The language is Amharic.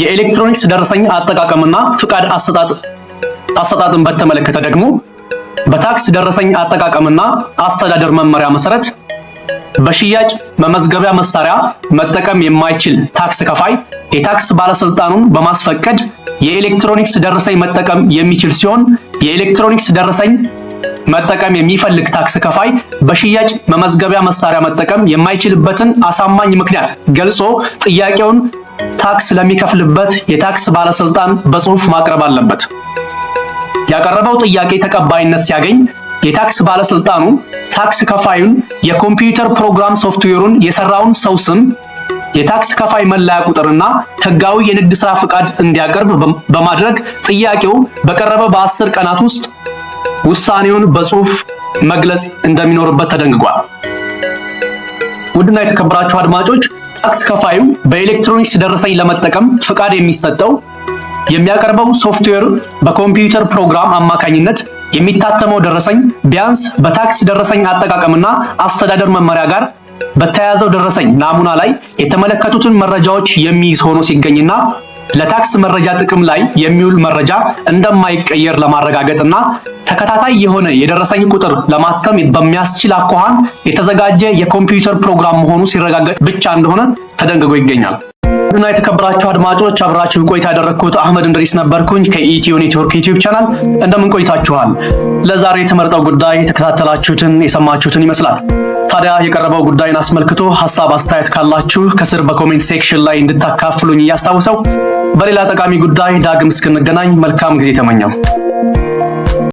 የኤሌክትሮኒክስ ደረሰኝ አጠቃቀምና ፍቃድ አሰጣጥን በተመለከተ ደግሞ በታክስ ደረሰኝ አጠቃቀምና አስተዳደር መመሪያ መሰረት በሽያጭ መመዝገቢያ መሳሪያ መጠቀም የማይችል ታክስ ከፋይ የታክስ ባለስልጣኑን በማስፈቀድ የኤሌክትሮኒክስ ደረሰኝ መጠቀም የሚችል ሲሆን የኤሌክትሮኒክስ ደረሰኝ መጠቀም የሚፈልግ ታክስ ከፋይ በሽያጭ መመዝገቢያ መሳሪያ መጠቀም የማይችልበትን አሳማኝ ምክንያት ገልጾ ጥያቄውን ታክስ ለሚከፍልበት የታክስ ባለስልጣን በጽሁፍ ማቅረብ አለበት። ያቀረበው ጥያቄ ተቀባይነት ሲያገኝ የታክስ ባለስልጣኑ ታክስ ከፋዩን የኮምፒውተር ፕሮግራም ሶፍትዌሩን የሰራውን ሰው ስም፣ የታክስ ከፋይ መለያ ቁጥርና ህጋዊ የንግድ ስራ ፍቃድ እንዲያቀርብ በማድረግ ጥያቄው በቀረበ በአስር ቀናት ውስጥ ውሳኔውን በጽሁፍ መግለጽ እንደሚኖርበት ተደንግጓል። ውድና የተከበራችሁ አድማጮች ታክስ ከፋዩ በኤሌክትሮኒክስ ደረሰኝ ለመጠቀም ፍቃድ የሚሰጠው የሚያቀርበው ሶፍትዌር በኮምፒውተር ፕሮግራም አማካኝነት የሚታተመው ደረሰኝ ቢያንስ በታክስ ደረሰኝ አጠቃቀምና አስተዳደር መመሪያ ጋር በተያያዘው ደረሰኝ ናሙና ላይ የተመለከቱትን መረጃዎች የሚይዝ ሆኖ ሲገኝና ለታክስ መረጃ ጥቅም ላይ የሚውል መረጃ እንደማይቀየር ለማረጋገጥና ተከታታይ የሆነ የደረሰኝ ቁጥር ለማተም በሚያስችል አኳኋን የተዘጋጀ የኮምፒውተር ፕሮግራም መሆኑ ሲረጋገጥ ብቻ እንደሆነ ተደንግጎ ይገኛል። የተወደዳችሁና የተከበራችሁ አድማጮች አብራችሁ ቆይታ ያደረግኩት አህመድ እንድሪስ ነበርኩኝ ከኢትዮ ኔትወርክ ዩቲዩብ ቻናል። እንደምን ቆይታችኋል? ለዛሬ የተመረጠው ጉዳይ የተከታተላችሁትን የሰማችሁትን ይመስላል። ታዲያ የቀረበው ጉዳይን አስመልክቶ ሀሳብ አስተያየት ካላችሁ ከስር በኮሜንት ሴክሽን ላይ እንድታካፍሉኝ እያስታውሰው በሌላ ጠቃሚ ጉዳይ ዳግም እስክንገናኝ መልካም ጊዜ ተመኘው።